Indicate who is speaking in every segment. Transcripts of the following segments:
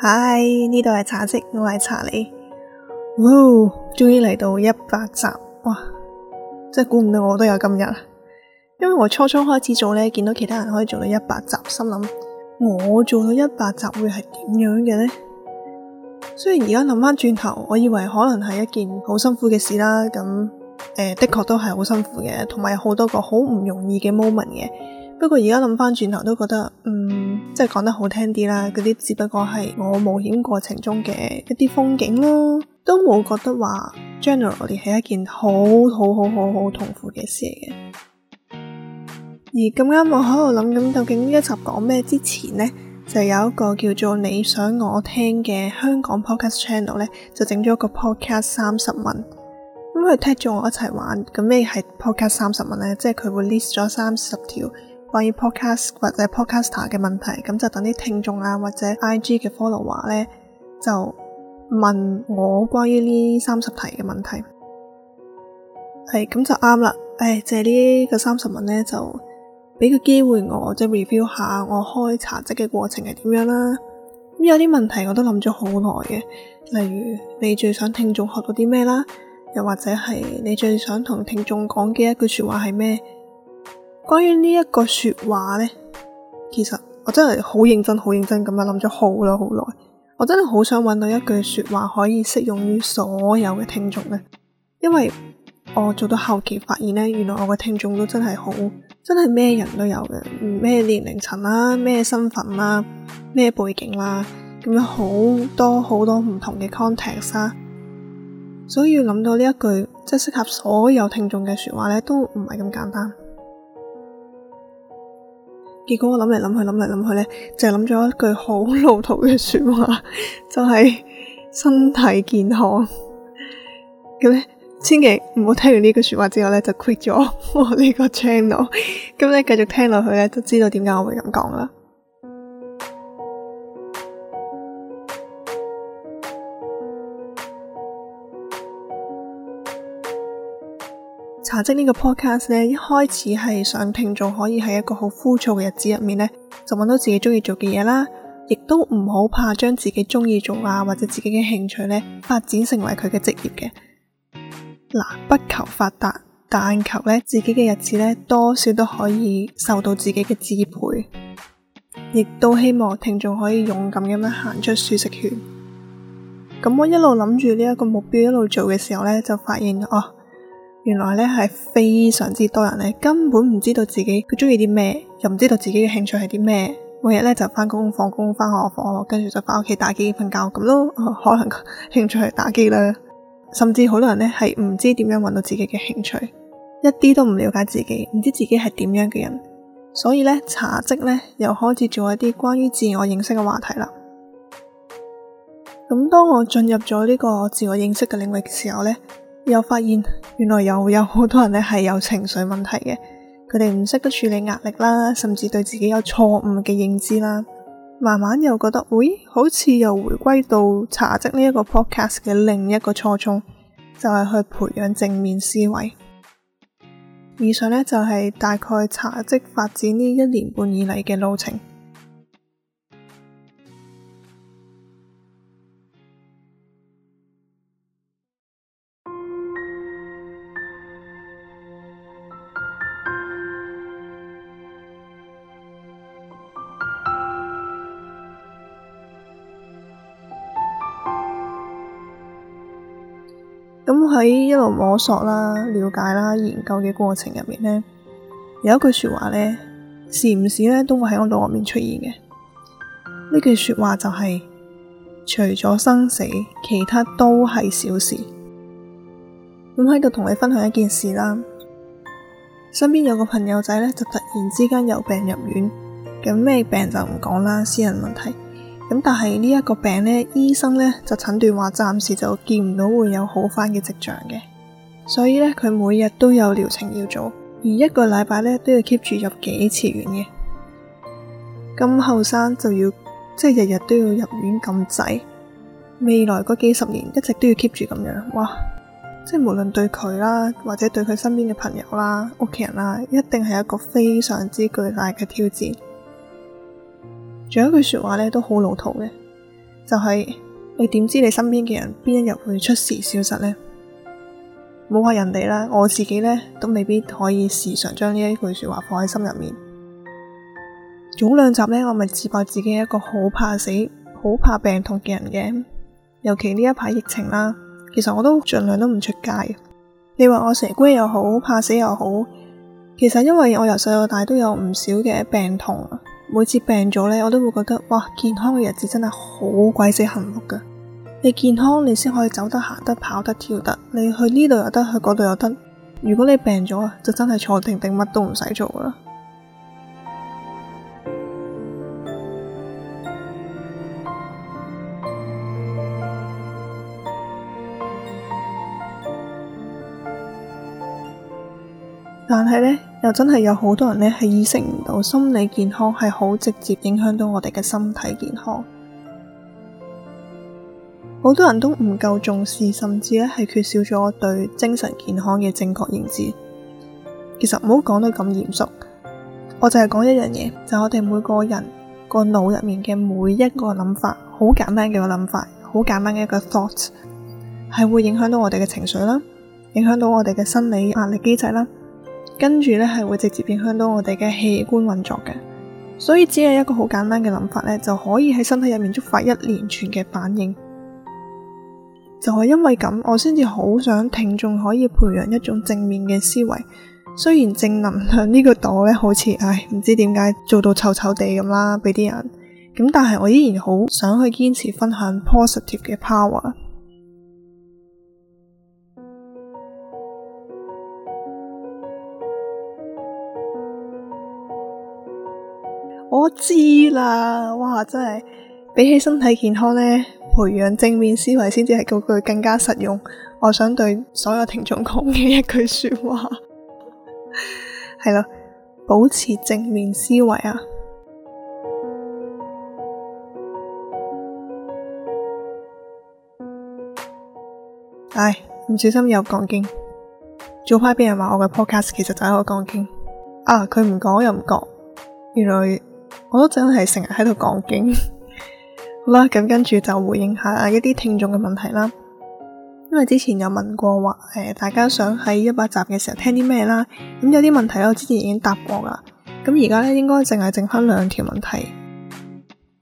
Speaker 1: 嗨，呢度係茶嘖，我係查理。哇，終於嚟到一百集，哇，真係估唔到我都有今日。因為我初初開始做咧，見到其他人可以做到一百集，心諗：「我做到一百集會係點樣嘅呢？」雖然而家諗翻轉頭，我以為可能係一件好辛苦嘅事啦，咁誒、呃、的確都係好辛苦嘅，同埋好多個好唔容易嘅 moment 嘅。不過而家諗翻轉頭都覺得，嗯。即係講得好聽啲啦，嗰啲只不過係我冒險過程中嘅一啲風景咯，都冇覺得話 generally 係一件好好好好好痛苦嘅事嘅。而咁啱我喺度諗緊究竟呢一集講咩之前呢？就有一個叫做你想我聽嘅香港 podcast channel 咧，就整咗一個 podcast 三十文，咁佢踢咗我一齊玩，咁咩係 podcast 三十文咧？即係佢會 list 咗三十條。關於 podcast 或者 podcaster 嘅問題，咁就等啲聽眾啊或者 IG 嘅 follower 話咧，就問我關於呢三十題嘅問題。係咁就啱啦。唉、哎，借個呢個三十問咧，就俾個機會我即係、就是、review 下我開茶嘖嘅過程係點樣啦。咁有啲問題我都諗咗好耐嘅，例如你最想聽眾學到啲咩啦，又或者係你最想同聽眾講嘅一句說話係咩？關於呢一個說話呢，其實我真係好認真、好認真咁樣，諗咗好耐、好耐。我真係好想揾到一句說話可以適用於所有嘅聽眾咧，因為我做到後期發現呢，原來我嘅聽眾都真係好真係咩人都有嘅，唔咩年齡層啦，咩身份啦，咩背景啦，咁樣好多好多唔同嘅 context 啊，所以要諗到呢一句即係適合所有聽眾嘅說話呢，都唔係咁簡單。結果我諗嚟諗去諗嚟諗去咧，就諗、是、咗一句好老土嘅說話，就係、是、身體健康。咁 咧，千祈唔好聽完呢句說話之後呢，就 quit 咗我呢個 channel。咁 咧，繼續聽落去呢，就知道點解我會咁講啦。茶嘖呢個 podcast 咧，一開始係想聽眾可以喺一個好枯燥嘅日子入面呢，就揾到自己中意做嘅嘢啦，亦都唔好怕將自己中意做啊，或者自己嘅興趣呢，發展成為佢嘅職業嘅。嗱、啊，不求發達，但求呢自己嘅日子呢，多少都可以受到自己嘅支配，亦都希望聽眾可以勇敢咁樣行出舒適圈。咁我一路諗住呢一個目標一路做嘅時候呢，就發現哦。原來咧，係非常之多人咧，根本唔知道自己佢中意啲咩，又唔知道自己嘅興趣係啲咩，每日咧就翻工、放工、翻學、放學，跟住就翻屋企打機、瞓覺咁都、哦、可能 興趣係打機啦，甚至好多人咧係唔知點樣搵到自己嘅興趣，一啲都唔了解自己，唔知自己係點樣嘅人。所以咧，茶嘖咧又開始做一啲關於自我認識嘅話題啦。咁當我進入咗呢個自我認識嘅領域嘅時候咧。又發現原來有有好多人呢係有情緒問題嘅，佢哋唔識得處理壓力啦，甚至對自己有錯誤嘅認知啦。慢慢又覺得，喂、哎，好似又回歸到茶嘖呢一個 podcast 嘅另一個初衷，就係、是、去培養正面思維。以上呢，就係、是、大概茶嘖發展呢一年半以嚟嘅路程。咁喺一路摸索啦、了解啦、研究嘅過程入面呢，有一句說話呢，時唔時咧都會喺我腦入面出現嘅。呢句說話就係：除咗生死，其他都係小事。咁喺度同你分享一件事啦。身邊有個朋友仔咧，就突然之間有病入院，咁咩病就唔講啦，私人問題。咁但係呢一個病呢，醫生呢就診斷話暫時就見唔到會有好翻嘅跡象嘅，所以呢，佢每日都有療程要做，而一個禮拜呢都要 keep 住入幾次院嘅。咁後生就要即係日日都要入院咁滯，未來嗰幾十年一直都要 keep 住咁樣，哇！即係無論對佢啦，或者對佢身邊嘅朋友啦、屋企人啦，一定係一個非常之巨大嘅挑戰。仲有一句說話咧，都好老土嘅，就係你點知你身邊嘅人邊一日會出事消失呢？唔好話人哋啦，我自己咧都未必可以時常將呢一句說話放喺心入面。早兩集咧，我咪自爆自己一個好怕死、好怕病痛嘅人嘅，尤其呢一排疫情啦，其實我都盡量都唔出街。你話我蛇龜又好，怕死又好，其實因為我由細到大都有唔少嘅病痛。每次病咗咧，我都會覺得哇，健康嘅日子真係好鬼死幸福㗎。你健康，你先可以走得行得跑得跳得，你去呢度又得，去嗰度又得。如果你病咗啊，就真係坐定定，乜都唔使做啦。但係咧。又真係有好多人咧，係意識唔到，心理健康係好直接影響到我哋嘅身體健康。好多人都唔夠重視，甚至咧，係缺少咗對精神健康嘅正確認知。其實唔好講得咁嚴肅，我就係講一樣嘢，就係我哋每個人個腦入面嘅每一個諗法，好簡單嘅一個諗法，好簡單嘅一個 thought，係會影響到我哋嘅情緒啦，影響到我哋嘅心理壓力機制啦。跟住呢，係會直接影響到我哋嘅器官運作嘅，所以只係一個好簡單嘅諗法呢，就可以喺身體入面觸發一連串嘅反應。就係因為咁，我先至好想聽眾可以培養一種正面嘅思維。雖然正能量呢個檔呢，好似，唉，唔知點解做到臭臭地咁啦，俾啲人咁，但係我依然好想去堅持分享 positive 嘅 power。我知啦，哇！真係比起身體健康呢，培養正面思維先至係嗰句更加實用。我想對所有聽眾講嘅一句說話係啦， 保持正面思維啊！唉，唔小心又講經。早排俾人話我嘅 podcast 其實就係一個講經啊！佢唔講又唔講，原來。我都真係成日喺度講經 好，好啦，咁跟住就回應一下一啲聽眾嘅問題啦。因為之前有問過話，誒、呃，大家想喺一百集嘅時候聽啲咩啦？咁、嗯、有啲問題我之前已經答過噶，咁而家咧應該淨係剩翻兩條問題。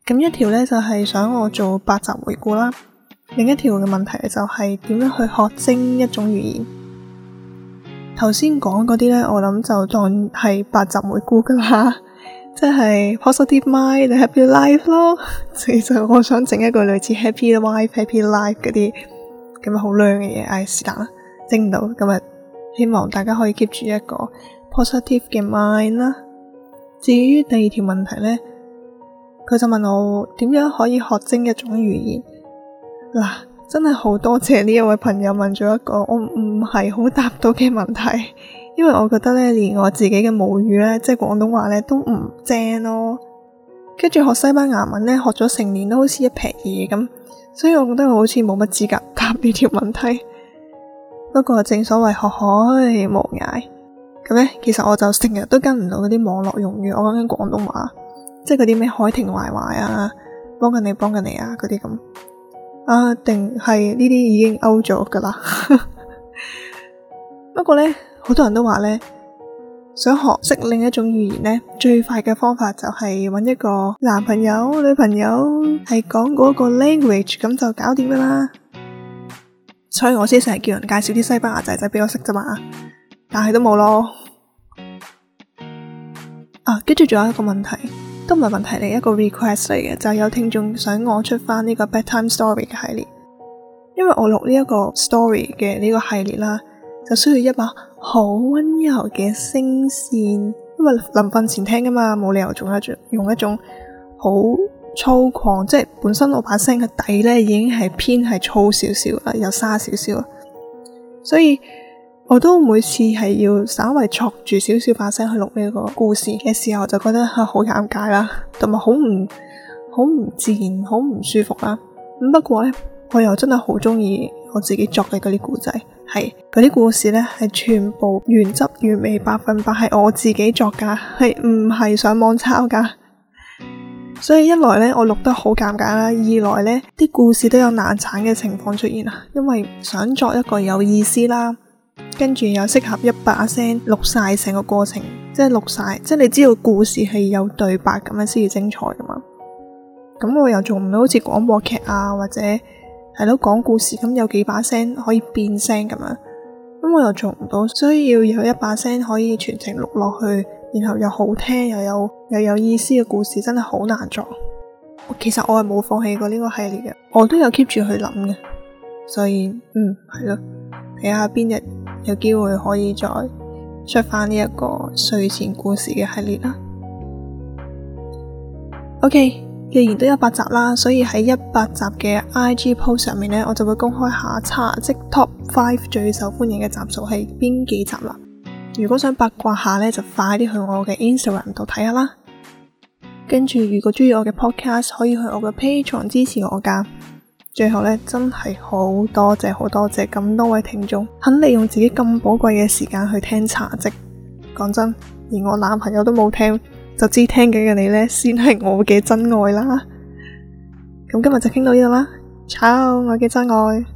Speaker 1: 咁、嗯、一條咧就係、是、想我做百集回顧啦，另一條嘅問題就係點樣去學精一種語言。頭先講嗰啲咧，我諗就當係百集回顧噶啦。即係 positive mind，happy life 咯。 其實我想整一個類似 happy life，happy life 嗰啲咁樣好靚嘅嘢，唉，是但啦，整唔到。咁啊，希望大家可以 keep 住一個 positive 嘅 mind 啦。至於第二條問題咧，佢就問我點樣可以學精一種語言。嗱、啊，真係好多謝呢一位朋友問咗一個我唔係好答到嘅問題。因為我覺得咧，連我自己嘅母語咧，即係廣東話咧，都唔正咯。跟住學西班牙文咧，學咗成年都好似一撇嘢咁，所以我覺得我好似冇乜資格答呢條問題。不過正所謂學海、哎、無涯，咁咧其實我就成日都跟唔到嗰啲網絡用語。我講緊廣東話，即係嗰啲咩海聽壞壞啊，幫緊你幫緊你啊嗰啲咁啊，定係呢啲已經 out 咗噶啦。 不過咧～好多人都話咧，想學識另一種語言咧，最快嘅方法就係揾一個男朋友、女朋友係講嗰個 language，咁就搞掂噶啦。所以我先成日叫人介紹啲西班牙仔仔畀我識啫嘛，但係都冇咯。啊，跟住仲有一個問題，都唔係問題嚟，一個 request 嚟嘅，就係有聽眾想我出翻呢個 Bedtime Story 嘅系列，因為我錄呢一個 story 嘅呢個系列啦。就需要一把好溫柔嘅聲線，因為臨瞓前聽噶嘛，冇理由仲用一種好粗獷，即係本身我把聲嘅底咧已經係偏係粗少少啦，又沙少少，所以我都每次係要稍微捉住少少把聲去錄呢個故事嘅時候，就覺得好尷尬啦，同埋好唔好唔自然，好唔舒服啦。咁不過咧，我又真係好中意我自己作嘅嗰啲故仔。係佢啲故事咧，係全部原汁原味，百分百係我自己作噶，係唔係上網抄噶。 所以一來咧，我錄得好尷尬啦；二來咧，啲故事都有難產嘅情況出現啊。因為想作一個有意思啦，跟住又適合一把聲錄曬成個過程，即係錄曬，即係你知道故事係有對白咁樣先至精彩噶嘛。咁我又做唔到好似廣播劇啊，或者。係咯，講故事咁有幾把聲可以變聲咁樣，咁我又做唔到，所以要有一把聲可以全程錄落去，然後又好聽又有又有意思嘅故事，真係好難做。其實我係冇放棄過呢個系列嘅，我都有 keep 住去諗嘅，所以嗯係咯，睇下邊日有機會可以再出翻呢一個睡前故事嘅系列啦。OK。既然都一百集啦，所以喺一百集嘅 IG post 上面呢，我就會公開下《茶嘖 Top Five》最受歡迎嘅集數係邊幾集啦。如果想八卦下呢，就快啲去我嘅 Instagram 度睇下啦。跟住，如果中意我嘅 podcast，可以去我嘅 Patreon 支持我噶。最後呢，真係好多謝好多謝咁多位聽眾，肯利用自己咁寶貴嘅時間去聽茶嘖。講真，連我男朋友都冇聽。就知道聽緊嘅你咧，先係我嘅真愛啦。咁 今日就傾到呢度啦，Ciao 我嘅真愛。